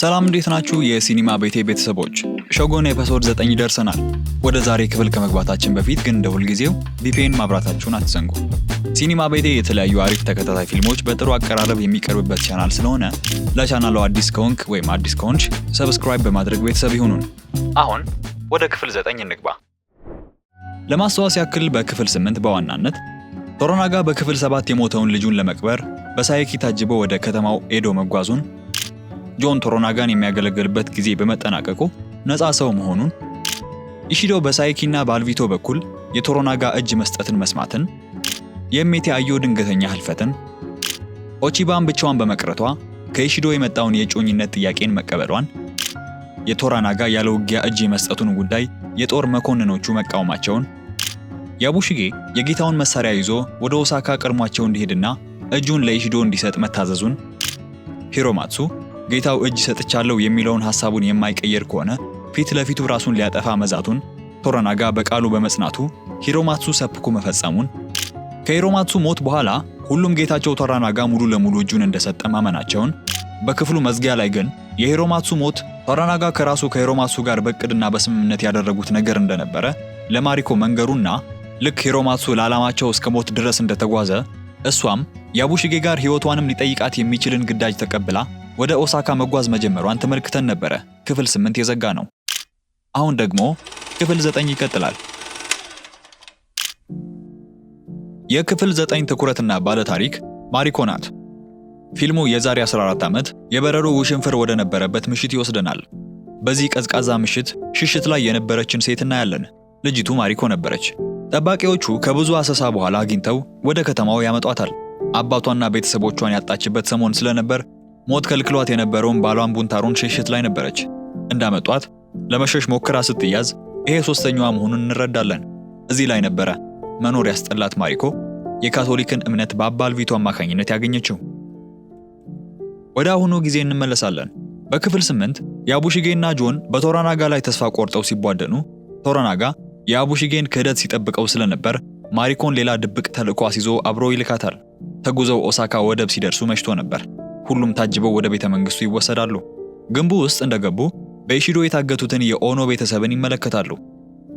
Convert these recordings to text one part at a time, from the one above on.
ሰላም እንዴት ናችሁ? የሲኒማ ቤቴ ቤተሰቦች ሾጎን ኤፒሶድ 9 ደርሰናል። ወደ ዛሬ ክፍል ከመግባታችን በፊት ግን እንደ ሁልጊዜው ቪፒኤን ማብራታችሁን አትዘንጉ። ሲኒማ ቤቴ የተለያዩ አሪፍ ተከታታይ ፊልሞች በጥሩ አቀራረብ የሚቀርብበት ቻናል ስለሆነ ለቻናሉ አዲስ ከሆንክ ወይም አዲስ ከሆንች ሰብስክራይብ በማድረግ ቤተሰብ ይሁኑን። አሁን ወደ ክፍል 9 እንግባ። ለማስታወስ ያክል በክፍል 8 በዋናነት ቶሮናጋ በክፍል 7 የሞተውን ልጁን ለመቅበር በሳይኪ ታጅቦ ወደ ከተማው ኤዶ መጓዙን ጆን ቶሮናጋን የሚያገለግልበት ጊዜ በመጠናቀቁ ነፃ ሰው መሆኑን ኢሺዶ በሳይኪና በአልቪቶ በኩል የቶሮናጋ እጅ መስጠትን መስማትን፣ የእሜቴ አዮ ድንገተኛ ህልፈትን፣ ኦቺባን ብቻዋን በመቅረቷ ከኢሺዶ የመጣውን የጮኝነት ጥያቄን መቀበሏን፣ የቶራናጋ ያለ ውጊያ እጅ የመስጠቱን ጉዳይ የጦር መኮንኖቹ መቃወማቸውን፣ ያቡሽጌ የጌታውን መሳሪያ ይዞ ወደ ኦሳካ ቀድሟቸው እንዲሄድና እጁን ለኢሺዶ እንዲሰጥ መታዘዙን፣ ሂሮማትሱ ጌታው እጅ ሰጥቻለሁ የሚለውን ሐሳቡን የማይቀየር ከሆነ ፊት ለፊቱ ራሱን ሊያጠፋ መዛቱን ቶረናጋ በቃሉ በመጽናቱ ሂሮማትሱ ሰፕኩ መፈጸሙን ከሂሮማትሱ ሞት በኋላ ሁሉም ጌታቸው ቶረናጋ ሙሉ ለሙሉ እጁን እንደሰጠ ማመናቸውን በክፍሉ መዝጊያ ላይ ግን የሂሮማትሱ ሞት ቶረናጋ ከራሱ ከሂሮማትሱ ጋር በእቅድና በስምምነት ያደረጉት ነገር እንደነበረ ለማሪኮ መንገሩና ልክ ሂሮማትሱ ለዓላማቸው እስከ ሞት ድረስ እንደተጓዘ እሷም ያቡሽጌ ጋር ሕይወቷንም ሊጠይቃት የሚችልን ግዳጅ ተቀብላ ወደ ኦሳካ መጓዝ መጀመሯን ተመልክተን ነበረ። ክፍል ስምንት የዘጋ ነው። አሁን ደግሞ ክፍል ዘጠኝ ይቀጥላል። የክፍል ዘጠኝ ትኩረትና ባለ ታሪክ ማሪኮ ናት። ፊልሙ የዛሬ 14 ዓመት የበረዶ ውሽንፍር ወደ ነበረበት ምሽት ይወስደናል። በዚህ ቀዝቃዛ ምሽት ሽሽት ላይ የነበረችን ሴት እናያለን። ልጅቱ ማሪኮ ነበረች። ጠባቂዎቹ ከብዙ አሰሳ በኋላ አግኝተው ወደ ከተማው ያመጧታል። አባቷና ቤተሰቦቿን ያጣችበት ሰሞን ስለነበር ሞት ከልክሏት የነበረውን ባሏን ቡንታሩን ሽሽት ላይ ነበረች። እንዳመጧት ለመሸሽ ሞክራ ስትያዝ ይሄ ሶስተኛዋ መሆኑን እንረዳለን። እዚህ ላይ ነበረ መኖር ያስጠላት ማሪኮ የካቶሊክን እምነት በአባልቪቱ አማካኝነት ያገኘችው። ወደ አሁኑ ጊዜ እንመለሳለን። በክፍል ስምንት የአቡሺጌና ጆን በቶራናጋ ላይ ተስፋ ቆርጠው ሲቧደኑ ቶራናጋ የአቡሺጌን ክህደት ሲጠብቀው ስለነበር ማሪኮን ሌላ ድብቅ ተልእኮ አስይዞ አብሮ ይልካታል። ተጉዘው ኦሳካ ወደብ ሲደርሱ መሽቶ ነበር። ሁሉም ታጅበው ወደ ቤተ መንግስቱ ይወሰዳሉ። ግንቡ ውስጥ እንደገቡ በኢሺዶ የታገቱትን የኦኖ ቤተሰብን ይመለከታሉ።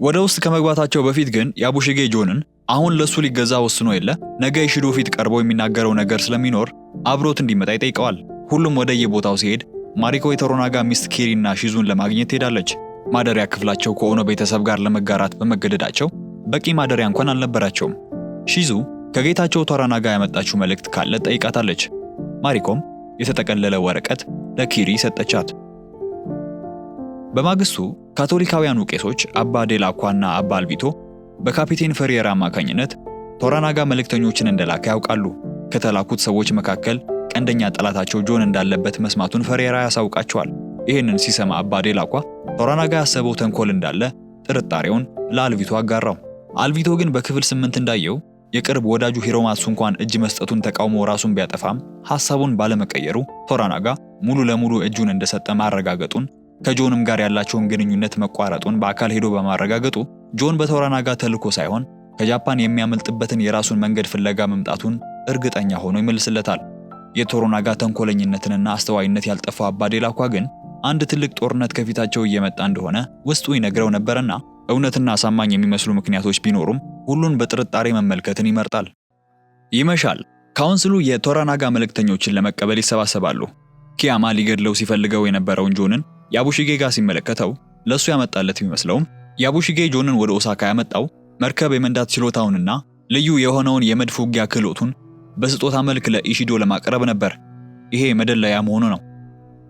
ወደ ውስጥ ከመግባታቸው በፊት ግን የአቡሽጌ ጆንን አሁን ለሱ ሊገዛ ወስኖ የለ ነገ የሺዶ ፊት ቀርቦ የሚናገረው ነገር ስለሚኖር አብሮት እንዲመጣ ይጠይቀዋል። ሁሉም ወደ የቦታው ሲሄድ ማሪኮ የተሮናጋ ሚስት ኬሪና ሺዙን ለማግኘት ትሄዳለች። ማደሪያ ክፍላቸው ከኦኖ ቤተሰብ ጋር ለመጋራት በመገደዳቸው በቂ ማደሪያ እንኳን አልነበራቸውም። ሺዙ ከጌታቸው ቶራናጋ ያመጣችው መልእክት ካለ ጠይቃታለች። ማሪኮም የተጠቀለለ ወረቀት ለኪሪ ሰጠቻት። በማግስቱ ካቶሊካውያኑ ቄሶች አባ ዴላኳና አባ አልቢቶ በካፒቴን ፈሪየር አማካኝነት ቶራናጋ መልእክተኞችን እንደላከ ያውቃሉ። ከተላኩት ሰዎች መካከል ቀንደኛ ጠላታቸው ጆን እንዳለበት መስማቱን ፈሬራ ያሳውቃቸዋል። ይህንን ሲሰማ አባ ዴላኳ ቶራናጋ ያሰበው ተንኮል እንዳለ ጥርጣሬውን ለአልቪቶ አጋራው። አልቪቶ ግን በክፍል ስምንት እንዳየው የቅርብ ወዳጁ ሂሮማትሱ እንኳን እጅ መስጠቱን ተቃውሞ ራሱን ቢያጠፋም ሐሳቡን ባለመቀየሩ ቶራናጋ ሙሉ ለሙሉ እጁን እንደሰጠ ማረጋገጡን ከጆንም ጋር ያላቸውን ግንኙነት መቋረጡን በአካል ሄዶ በማረጋገጡ ጆን በቶራናጋ ተልዕኮ ሳይሆን ከጃፓን የሚያመልጥበትን የራሱን መንገድ ፍለጋ መምጣቱን እርግጠኛ ሆኖ ይመልስለታል። የቶሮናጋ ተንኮለኝነትንና አስተዋይነት ያልጠፋው አባዴላኳ ግን አንድ ትልቅ ጦርነት ከፊታቸው እየመጣ እንደሆነ ውስጡ ይነግረው ነበርና እውነትና አሳማኝ የሚመስሉ ምክንያቶች ቢኖሩም ሁሉን በጥርጣሬ መመልከትን ይመርጣል። ይመሻል። ካውንስሉ የቶራናጋ መልእክተኞችን ለመቀበል ይሰባሰባሉ። ኪያማ ሊገድለው ሲፈልገው የነበረውን ጆንን የአቡሽጌ ጋር ሲመለከተው ለእሱ ያመጣለት ቢመስለውም የአቡሽጌ ጆንን ወደ ኦሳካ ያመጣው መርከብ የመንዳት ችሎታውንና ልዩ የሆነውን የመድፍ ውጊያ ክህሎቱን በስጦታ መልክ ለኢሺዶ ለማቅረብ ነበር። ይሄ መደለያ መሆኑ ነው።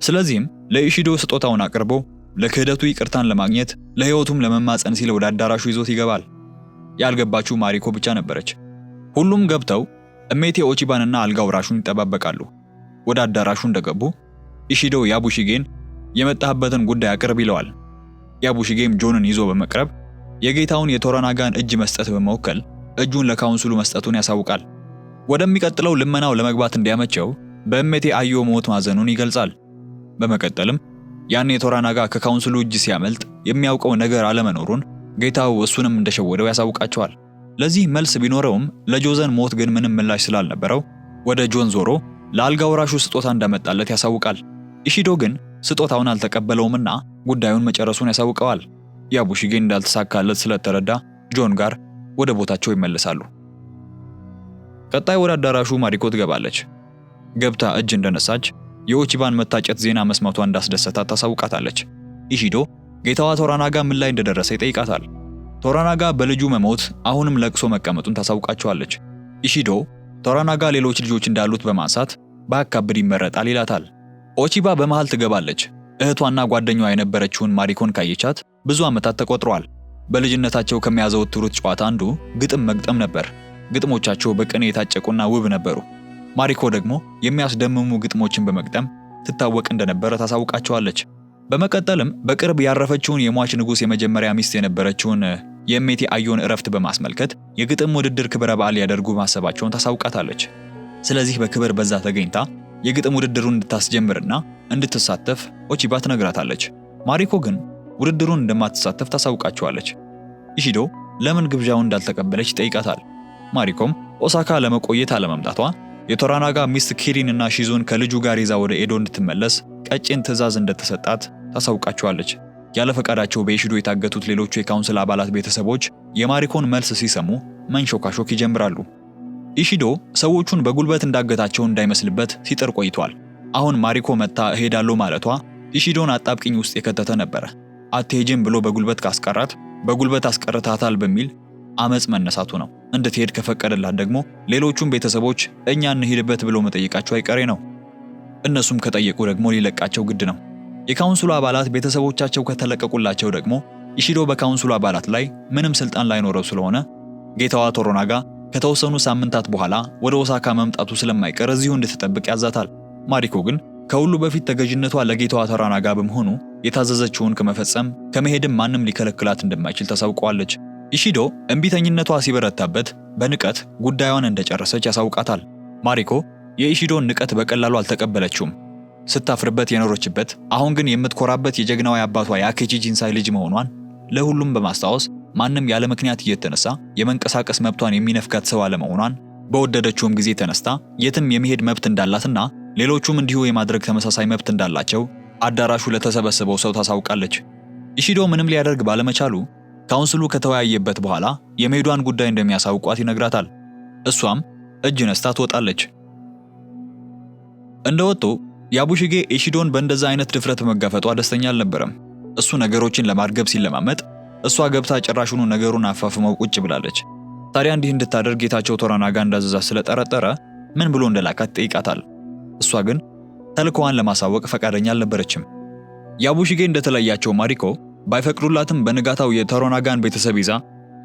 ስለዚህም ለኢሺዶ ስጦታውን አቅርቦ ለክህደቱ ይቅርታን ለማግኘት ለሕይወቱም ለመማፀን ሲል ወደ አዳራሹ ይዞት ይገባል። ያልገባችው ማሪኮ ብቻ ነበረች። ሁሉም ገብተው እሜቴ ኦቺባንና አልጋ ወራሹን ይጠባበቃሉ። ወደ አዳራሹ እንደገቡ ኢሺዶ ያቡሺጌን የመጣህበትን ጉዳይ አቅርብ ይለዋል። ያቡሺጌም ጆንን ይዞ በመቅረብ የጌታውን የቶራናጋን እጅ መስጠት በመወከል እጁን ለካውንስሉ መስጠቱን ያሳውቃል። ወደሚቀጥለው ልመናው ለመግባት እንዲያመቸው በእሜቴ አዮ ሞት ማዘኑን ይገልጻል። በመቀጠልም ያን የቶራናጋ ከካውንስሉ እጅ ሲያመልጥ የሚያውቀው ነገር አለመኖሩን ጌታው እሱንም እንደሸወደው ያሳውቃቸዋል። ለዚህ መልስ ቢኖረውም ለጆዘን ሞት ግን ምንም ምላሽ ስላልነበረው ወደ ጆን ዞሮ ለአልጋ ወራሹ ስጦታ እንደመጣለት ያሳውቃል። ኢሺዶ ግን ስጦታውን አልተቀበለውምና ጉዳዩን መጨረሱን ያሳውቀዋል። ያቡሽጌ እንዳልተሳካለት ስለተረዳ ጆን ጋር ወደ ቦታቸው ይመለሳሉ። ቀጣይ ወደ አዳራሹ ማሪኮ ትገባለች። ገብታ እጅ እንደነሳች የኦቺባን መታጨት ዜና መስማቷ እንዳስደሰታት ታሳውቃታለች። ኢሺዶ ጌታዋ ቶራናጋ ምን ላይ እንደደረሰ ይጠይቃታል። ቶራናጋ በልጁ መሞት አሁንም ለቅሶ መቀመጡን ታሳውቃቸዋለች። ኢሺዶ ቶራናጋ ሌሎች ልጆች እንዳሉት በማንሳት በአካብድ ይመረጣል ይላታል። ኦቺባ በመሃል ትገባለች። እህቷና ጓደኛዋ የነበረችውን ማሪኮን ካየቻት ብዙ ዓመታት ተቆጥረዋል። በልጅነታቸው ከሚያዘወትሩት ጨዋታ አንዱ ግጥም መግጠም ነበር። ግጥሞቻቸው በቅኔ የታጨቁና ውብ ነበሩ። ማሪኮ ደግሞ የሚያስደምሙ ግጥሞችን በመግጠም ትታወቅ እንደነበረ ታሳውቃቸዋለች። በመቀጠልም በቅርብ ያረፈችውን የሟች ንጉሥ የመጀመሪያ ሚስት የነበረችውን የእሜቴ አዮን እረፍት በማስመልከት የግጥም ውድድር ክብረ በዓል ሊያደርጉ ማሰባቸውን ታሳውቃታለች። ስለዚህ በክብር በዛ ተገኝታ የግጥም ውድድሩን እንድታስጀምርና እንድትሳተፍ ኦቺባ ትነግራታለች። ማሪኮ ግን ውድድሩን እንደማትሳተፍ ታሳውቃቸዋለች። ኢሺዶ ለምን ግብዣውን እንዳልተቀበለች ይጠይቃታል። ማሪኮም ኦሳካ ለመቆየት አለመምጣቷ የቶራናጋ ሚስት ኪሪን እና ከልጁ ጋር ይዛ ወደ ኤዶ እንድትመለስ ቀጭን ትዕዛዝ እንደተሰጣት ታሳውቃቸዋለች። ያለ ፈቃዳቸው በኢሽዱ የታገቱት ሌሎቹ የካውንስል አባላት ቤተሰቦች የማሪኮን መልስ ሲሰሙ መንሾካሾክ ይጀምራሉ። ኢሽዶ ሰዎቹን በጉልበት እንዳገታቸው እንዳይመስልበት ሲጥር ቆይቷል። አሁን ማሪኮ መታ እሄዳለሁ ማለቷ ኢሽዶን አጣብቅኝ ውስጥ የከተተ ነበረ። አትሄጅም ብሎ በጉልበት ካስቀራት በጉልበት አስቀርታታል በሚል አመፅ መነሳቱ ነው። እንድትሄድ ከፈቀደላት ደግሞ ሌሎቹም ቤተሰቦች እኛ እንሄድበት ብሎ መጠየቃቸው አይቀሬ ነው። እነሱም ከጠየቁ ደግሞ ሊለቃቸው ግድ ነው። የካውንስሉ አባላት ቤተሰቦቻቸው ከተለቀቁላቸው ደግሞ ኢሺዶ በካውንስሉ አባላት ላይ ምንም ስልጣን ላይኖረው ስለሆነ ጌታዋ ቶሮናጋ ከተወሰኑ ሳምንታት በኋላ ወደ ኦሳካ መምጣቱ ስለማይቀር እዚሁ እንድትጠብቅ ያዛታል። ማሪኮ ግን ከሁሉ በፊት ተገዥነቷ ለጌታዋ ቶሮናጋ በመሆኑ የታዘዘችውን ከመፈጸም ከመሄድም ማንም ሊከለክላት እንደማይችል ታሳውቀዋለች። ኢሺዶ እምቢተኝነቷ ሲበረታበት በንቀት ጉዳዩን እንደጨረሰች ያሳውቃታል። ማሪኮ የኢሺዶን ንቀት በቀላሉ አልተቀበለችውም። ስታፍርበት የኖረችበት አሁን ግን የምትኮራበት የጀግናዋ አባቷ የአኬጂ ጂንሳይ ልጅ መሆኗን ለሁሉም በማስታወስ ማንም ያለ ምክንያት እየተነሳ የመንቀሳቀስ መብቷን የሚነፍጋት ሰው አለመሆኗን በወደደችውም ጊዜ ተነስታ የትም የመሄድ መብት እንዳላትና ሌሎቹም እንዲሁ የማድረግ ተመሳሳይ መብት እንዳላቸው አዳራሹ ለተሰበሰበው ሰው ታሳውቃለች። ኢሺዶ ምንም ሊያደርግ ባለመቻሉ ካውንስሉ ከተወያየበት በኋላ የመሄዷን ጉዳይ እንደሚያሳውቋት ይነግራታል። እሷም እጅ ነስታ ትወጣለች። እንደወጡ የአቡሽጌ ኤሺዶን በእንደዛ አይነት ድፍረት መጋፈጧ ደስተኛ አልነበረም። እሱ ነገሮችን ለማርገብ ሲለማመጥ፣ እሷ ገብታ ጭራሹኑ ነገሩን አፋፍመው ቁጭ ብላለች። ታዲያ እንዲህ እንድታደርግ ጌታቸው ቶራናጋ እንዳዘዛ ስለጠረጠረ ምን ብሎ እንደላካት ጠይቃታል። እሷ ግን ተልኮዋን ለማሳወቅ ፈቃደኛ አልነበረችም። ያቡሽጌ እንደተለያቸው ማሪኮ ባይፈቅዱላትም በንጋታው የተሮናጋን ቤተሰብ ይዛ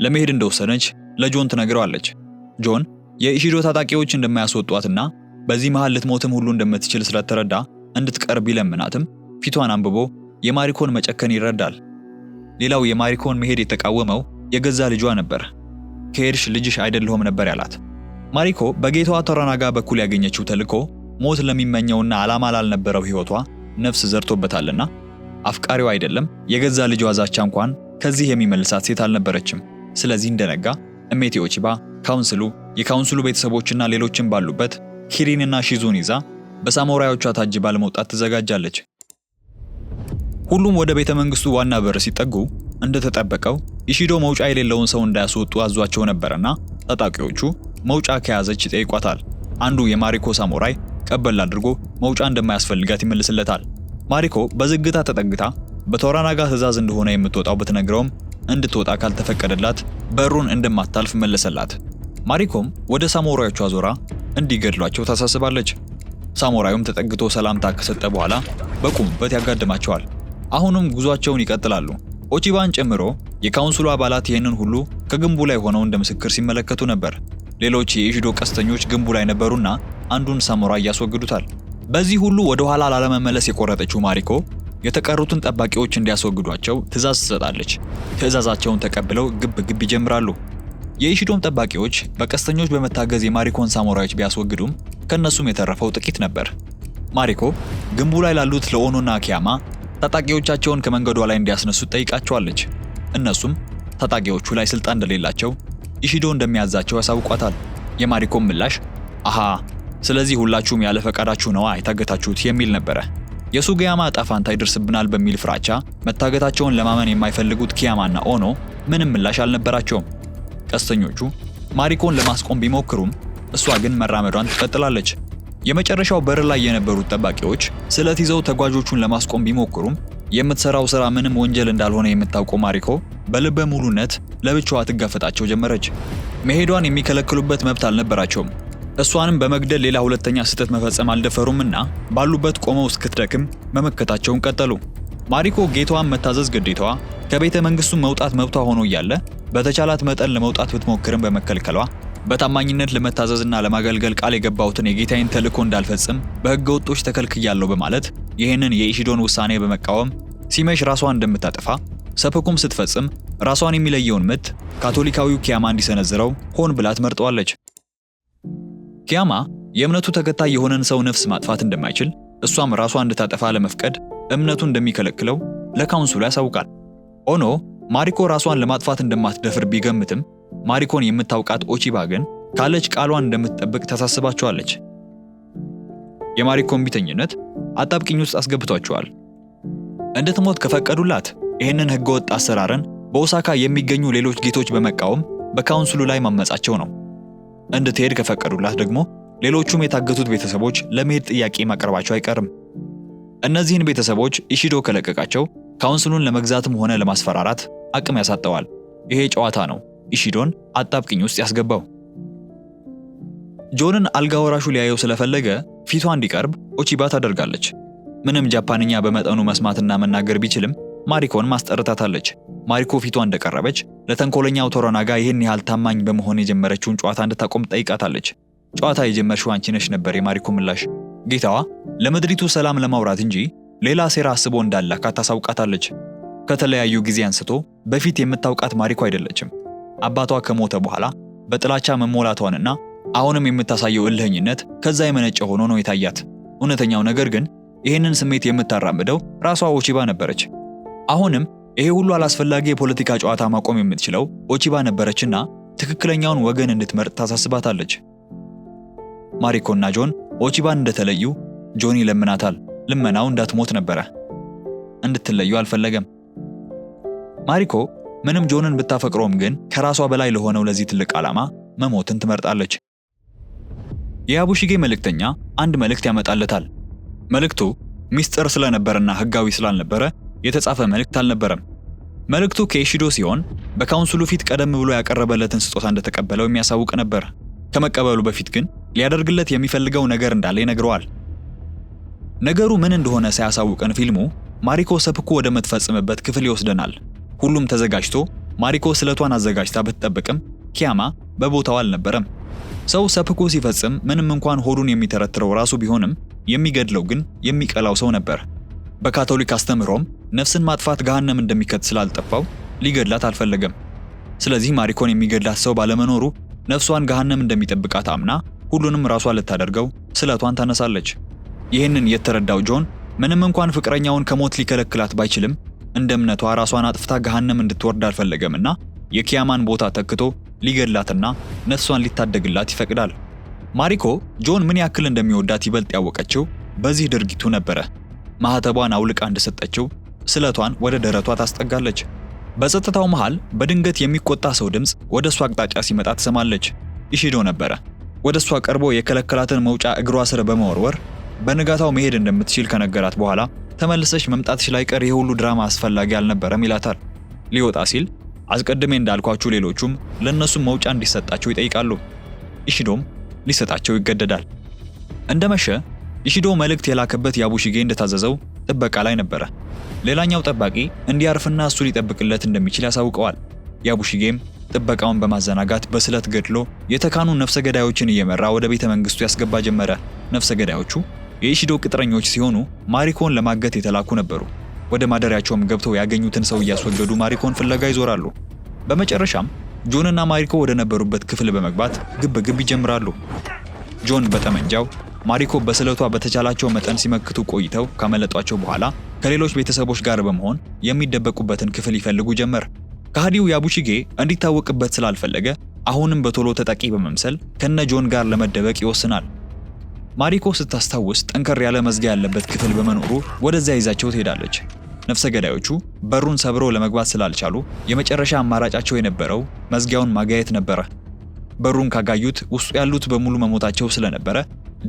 ለመሄድ እንደወሰነች ለጆን ትነግረዋለች። ጆን የኢሺዶ ታጣቂዎች እንደማያስወጧትና በዚህ መሃል ልትሞትም ሁሉ እንደምትችል ስለተረዳ እንድትቀርብ ይለምናትም ፊቷን አንብቦ የማሪኮን መጨከን ይረዳል። ሌላው የማሪኮን መሄድ የተቃወመው የገዛ ልጇ ነበር። ከሄድሽ ልጅሽ አይደለሁም ነበር ያላት። ማሪኮ በጌቷ ተራናጋ በኩል ያገኘችው ተልኮ ሞት ለሚመኘውና ዓላማ ላልነበረው ሕይወቷ ነፍስ ዘርቶበታልና አፍቃሪዋ አይደለም የገዛ ልጇ ዛቻ እንኳን ከዚህ የሚመልሳት ሴት አልነበረችም። ስለዚህ እንደነጋ እሜቴዎቺባ ካውንስሉ፣ የካውንስሉ ቤተሰቦችና ሌሎችም ባሉበት ኪሪንና ሺዙን ይዛ በሳሞራዮቿ ታጅባ ለመውጣት ትዘጋጃለች። ሁሉም ወደ ቤተ መንግስቱ ዋና በር ሲጠጉ እንደተጠበቀው ኢሺዶ መውጫ የሌለውን ሰው እንዳያስወጡ አዟቸው ነበርና ታጣቂዎቹ መውጫ ከያዘች ይጠይቋታል። አንዱ የማሪኮ ሳሞራይ ቀበል አድርጎ መውጫ እንደማያስፈልጋት ይመልስለታል። ማሪኮ በዝግታ ተጠግታ በቶራናጋ ትዕዛዝ እንደሆነ የምትወጣው ብትነግረውም እንድትወጣ ካልተፈቀደላት በሩን እንደማታልፍ መለሰላት። ማሪኮም ወደ ሳሞራዮቹ አዞራ እንዲገድሏቸው ታሳስባለች። ሳሞራዩም ተጠግቶ ሰላምታ ከሰጠ በኋላ በቁምበት ያጋድማቸዋል። አሁንም ጉዟቸውን ይቀጥላሉ። ኦቺባን ጨምሮ የካውንስሉ አባላት ይህንን ሁሉ ከግንቡ ላይ ሆነው እንደ ምስክር ሲመለከቱ ነበር። ሌሎች የኢሽዶ ቀስተኞች ግንቡ ላይ ነበሩና አንዱን ሳሞራ ያስወግዱታል። በዚህ ሁሉ ወደ ኋላ ላለመመለስ የቆረጠችው ማሪኮ የተቀሩትን ጠባቂዎች እንዲያስወግዷቸው ትእዛዝ ትሰጣለች። ትዕዛዛቸውን ተቀብለው ግብ ግብ ይጀምራሉ። የኢሽዶም ጠባቂዎች በቀስተኞች በመታገዝ የማሪኮን ሳሙራዮች ቢያስወግዱም ከነሱም የተረፈው ጥቂት ነበር። ማሪኮ ግንቡ ላይ ላሉት ለኦኖና ኪያማ ታጣቂዎቻቸውን ከመንገዷ ላይ እንዲያስነሱ ጠይቃቸዋለች። እነሱም ታጣቂዎቹ ላይ ስልጣን እንደሌላቸው ኢሺዶ እንደሚያዛቸው ያሳውቋታል። የማሪኮ ምላሽ አሃ ስለዚህ ሁላችሁም ያለ ፈቃዳችሁ ነዋ የታገታችሁት የሚል ነበረ። የሱጋያማ ዕጣ ፋንታ ይደርስብናል በሚል ፍራቻ መታገታቸውን ለማመን የማይፈልጉት ኪያማና ኦኖ ምንም ምላሽ አልነበራቸውም። ቀስተኞቹ ማሪኮን ለማስቆም ቢሞክሩም እሷ ግን መራመዷን ትቀጥላለች። የመጨረሻው በር ላይ የነበሩት ጠባቂዎች ስለት ይዘው ተጓዦቹን ለማስቆም ቢሞክሩም የምትሰራው ስራ ምንም ወንጀል እንዳልሆነ የምታውቀው ማሪኮ በልበ ሙሉነት ለብቻዋ ትጋፈጣቸው ጀመረች። መሄዷን የሚከለክሉበት መብት አልነበራቸውም። እሷንም በመግደል ሌላ ሁለተኛ ስህተት መፈጸም አልደፈሩምና ባሉበት ቆመው እስክትደክም መመከታቸውን ቀጠሉ። ማሪኮ ጌታዋን መታዘዝ ግዴታዋ፣ ከቤተ መንግስቱ መውጣት መብቷ ሆኖ እያለ በተቻላት መጠን ለመውጣት ብትሞክርም በመከልከሏ በታማኝነት ለመታዘዝና ለማገልገል ቃል የገባሁትን የጌታዬን ተልእኮ እንዳልፈጽም በሕገ ወጦች ተከልክያለሁ በማለት ይህንን የኢሺዶን ውሳኔ በመቃወም ሲመሽ ራሷን እንደምታጠፋ ሰፐኩም ስትፈጽም ራሷን የሚለየውን ምት ካቶሊካዊው ኪያማ እንዲሰነዝረው ሆን ብላ ትመርጠዋለች። ኪያማ የእምነቱ ተከታይ የሆነን ሰው ነፍስ ማጥፋት እንደማይችል እሷም ራሷን እንድታጠፋ ለመፍቀድ እምነቱ እንደሚከለክለው ለካውንስሉ ያሳውቃል። ሆኖ ማሪኮ ራሷን ለማጥፋት እንደማትደፍር ቢገምትም ማሪኮን የምታውቃት ኦቺባ ግን ካለች ቃሏን እንደምትጠብቅ ተሳስባቸዋለች። የማሪኮን ቢተኝነት አጣብቅኝ ውስጥ አስገብቷቸዋል። እንድትሞት ከፈቀዱላት ይህንን ህገወጥ አሰራርን በኦሳካ የሚገኙ ሌሎች ጌቶች በመቃወም በካውንስሉ ላይ ማመጻቸው ነው። እንድትሄድ ከፈቀዱላት ደግሞ ሌሎቹም የታገቱት ቤተሰቦች ለመሄድ ጥያቄ ማቅረባቸው አይቀርም። እነዚህን ቤተሰቦች ኢሺዶ ከለቀቃቸው ካውንስሉን ለመግዛትም ሆነ ለማስፈራራት አቅም ያሳጠዋል። ይሄ ጨዋታ ነው ኢሺዶን አጣብቅኝ ውስጥ ያስገባው። ጆንን አልጋ ወራሹ ሊያየው ስለፈለገ ፊቷ እንዲቀርብ ኦቺባ ታደርጋለች። ምንም ጃፓንኛ በመጠኑ መስማትና መናገር ቢችልም ማሪኮን ማስጠርታታለች። ማሪኮ ፊቷ እንደቀረበች ለተንኮለኛው ቶሮናጋ ይህን ያህል ታማኝ በመሆን የጀመረችውን ጨዋታ እንድታቆም ጠይቃታለች። ጨዋታ የጀመርሽው አንቺ ነሽ ነበር የማሪኮ ምላሽ። ጌታዋ ለምድሪቱ ሰላም ለማውራት እንጂ ሌላ ሴራ አስቦ እንዳላካ ታሳውቃታለች። ከተለያዩ ጊዜ አንስቶ በፊት የምታውቃት ማሪኮ አይደለችም። አባቷ ከሞተ በኋላ በጥላቻ መሞላቷንና አሁንም የምታሳየው እልህኝነት ከዛ የመነጨ ሆኖ ነው የታያት። እውነተኛው ነገር ግን ይህንን ስሜት የምታራምደው ራሷ ኦቺባ ነበረች። አሁንም ይሄ ሁሉ አላስፈላጊ የፖለቲካ ጨዋታ ማቆም የምትችለው ኦቺባ ነበረችና ትክክለኛውን ወገን እንድትመርጥ ታሳስባታለች። ማሪኮና ጆን ኦቺባን እንደተለዩ ጆን ይለምናታል። ልመናው እንዳትሞት ነበረ። እንድትለዩ አልፈለገም። ማሪኮ ምንም ጆንን ብታፈቅረውም ግን ከራሷ በላይ ለሆነው ለዚህ ትልቅ ዓላማ መሞትን ትመርጣለች። የያቡሽጌ መልእክተኛ አንድ መልእክት ያመጣለታል። መልእክቱ ሚስጥር ስለነበረና ህጋዊ ስላልነበረ የተጻፈ መልእክት አልነበረም። መልእክቱ ከኢሺዶ ሲሆን በካውንስሉ ፊት ቀደም ብሎ ያቀረበለትን ስጦታ እንደተቀበለው የሚያሳውቅ ነበር። ከመቀበሉ በፊት ግን ሊያደርግለት የሚፈልገው ነገር እንዳለ ይነግረዋል። ነገሩ ምን እንደሆነ ሳያሳውቀን ፊልሙ ማሪኮ ሰብኮ ወደምትፈጽምበት ክፍል ይወስደናል። ሁሉም ተዘጋጅቶ ማሪኮ ስለቷን አዘጋጅታ ብትጠብቅም ኪያማ በቦታው አልነበረም። ሰው ሰፕኮ ሲፈጽም ምንም እንኳን ሆዱን የሚተረትረው ራሱ ቢሆንም የሚገድለው ግን የሚቀላው ሰው ነበር። በካቶሊክ አስተምህሮም ነፍስን ማጥፋት ገሃነም እንደሚከት ስላልጠፋው ሊገድላት አልፈለገም። ስለዚህ ማሪኮን የሚገድላት ሰው ባለመኖሩ ነፍሷን ገሃነም እንደሚጠብቃት አምና ሁሉንም ራሷ ልታደርገው ስለቷን ታነሳለች። ይህንን የተረዳው ጆን ምንም እንኳን ፍቅረኛውን ከሞት ሊከለክላት ባይችልም እንደ እምነቷ ራሷን አጥፍታ ገሃነም እንድትወርድ አልፈለገምና የኪያማን ቦታ ተክቶ ሊገድላትና ነፍሷን ሊታደግላት ይፈቅዳል። ማሪኮ ጆን ምን ያክል እንደሚወዳት ይበልጥ ያወቀችው በዚህ ድርጊቱ ነበረ። ማህተቧን አውልቃ እንደሰጠችው ስለቷን ወደ ደረቷ ታስጠጋለች። በጸጥታው መሃል በድንገት የሚቆጣ ሰው ድምፅ ወደ እሷ አቅጣጫ ሲመጣ ትሰማለች። ኢሺዶ ነበረ። ወደ እሷ ቀርቦ የከለከላትን መውጫ እግሯ ስር በመወርወር በንጋታው መሄድ እንደምትችል ከነገራት በኋላ ተመልሰሽ መምጣትሽ ላይቀር የሁሉ ድራማ አስፈላጊ አልነበረም ይላታል። ሊወጣ ሲል አስቀድሜ እንዳልኳችሁ ሌሎቹም ለእነሱም መውጫ እንዲሰጣቸው ይጠይቃሉ። ኢሽዶም ሊሰጣቸው ይገደዳል። እንደ መሸ ኢሺዶ መልእክት የላከበት ያቡሽጌ እንደታዘዘው ጥበቃ ላይ ነበረ። ሌላኛው ጠባቂ እንዲያርፍና እሱ ሊጠብቅለት እንደሚችል ያሳውቀዋል። ያቡሽጌም ጥበቃውን በማዘናጋት በስለት ገድሎ የተካኑ ነፍሰ ገዳዮችን እየመራ ወደ ቤተ መንግስቱ ያስገባ ጀመረ። ነፍሰ ገዳዮቹ የኢሺዶ ቅጥረኞች ሲሆኑ ማሪኮን ለማገት የተላኩ ነበሩ። ወደ ማደሪያቸውም ገብተው ያገኙትን ሰው እያስወገዱ ማሪኮን ፍለጋ ይዞራሉ። በመጨረሻም ጆንና ማሪኮ ወደ ነበሩበት ክፍል በመግባት ግብ ግብ ይጀምራሉ። ጆን በጠመንጃው ማሪኮ በስለቷ በተቻላቸው መጠን ሲመክቱ ቆይተው ካመለጧቸው በኋላ ከሌሎች ቤተሰቦች ጋር በመሆን የሚደበቁበትን ክፍል ይፈልጉ ጀመር። ከሃዲው ያቡሺጌ እንዲታወቅበት ስላልፈለገ አሁንም በቶሎ ተጠቂ በመምሰል ከነ ጆን ጋር ለመደበቅ ይወስናል። ማሪኮ ስታስታውስ ጠንከር ያለ መዝጊያ ያለበት ክፍል በመኖሩ ወደዚያ ይዛቸው ትሄዳለች። ነፍሰ ገዳዮቹ በሩን ሰብረው ለመግባት ስላልቻሉ የመጨረሻ አማራጫቸው የነበረው መዝጊያውን ማጋየት ነበረ። በሩን ካጋዩት ውስጡ ያሉት በሙሉ መሞታቸው ስለነበረ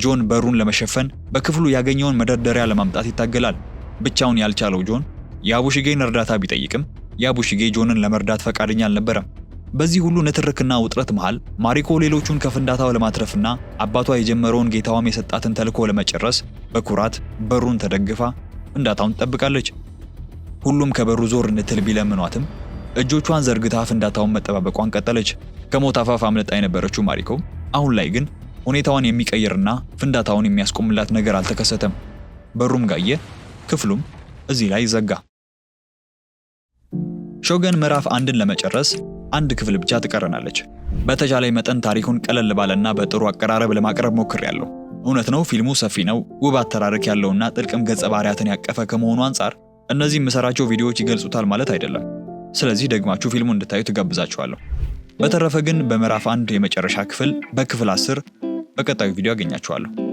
ጆን በሩን ለመሸፈን በክፍሉ ያገኘውን መደርደሪያ ለማምጣት ይታገላል። ብቻውን ያልቻለው ጆን የአቡሽጌን እርዳታ ቢጠይቅም የአቡሽጌ ጆንን ለመርዳት ፈቃደኛ አልነበረም። በዚህ ሁሉ ንትርክና ውጥረት መሃል ማሪኮ ሌሎቹን ከፍንዳታው ለማትረፍና አባቷ የጀመረውን ጌታዋም የሰጣትን ተልዕኮ ለመጨረስ በኩራት በሩን ተደግፋ ፍንዳታውን ትጠብቃለች። ሁሉም ከበሩ ዞር እንድትል ቢለምኗትም እጆቿን ዘርግታ ፍንዳታውን መጠባበቋን ቀጠለች። ከሞት አፋፍ አምለጣ የነበረችው ማሪኮ አሁን ላይ ግን ሁኔታዋን የሚቀይርና ፍንዳታውን የሚያስቆምላት ነገር አልተከሰተም። በሩም ጋየ፣ ክፍሉም እዚህ ላይ ዘጋ። ሾገን ምዕራፍ አንድን ለመጨረስ አንድ ክፍል ብቻ ትቀረናለች። በተቻለ መጠን ታሪኩን ቀለል ባለና በጥሩ አቀራረብ ለማቅረብ ሞክሬያለሁ። እውነት ነው ፊልሙ ሰፊ ነው፣ ውብ አተራረክ ያለውና ጥልቅም ገጸ ባህሪያትን ያቀፈ ከመሆኑ አንጻር እነዚህ የምሰራቸው ቪዲዮዎች ይገልጹታል ማለት አይደለም። ስለዚህ ደግማችሁ ፊልሙ እንድታዩ ትጋብዛችኋለሁ። በተረፈ ግን በምዕራፍ አንድ የመጨረሻ ክፍል በክፍል አስር በቀጣዩ ቪዲዮ አገኛችኋለሁ።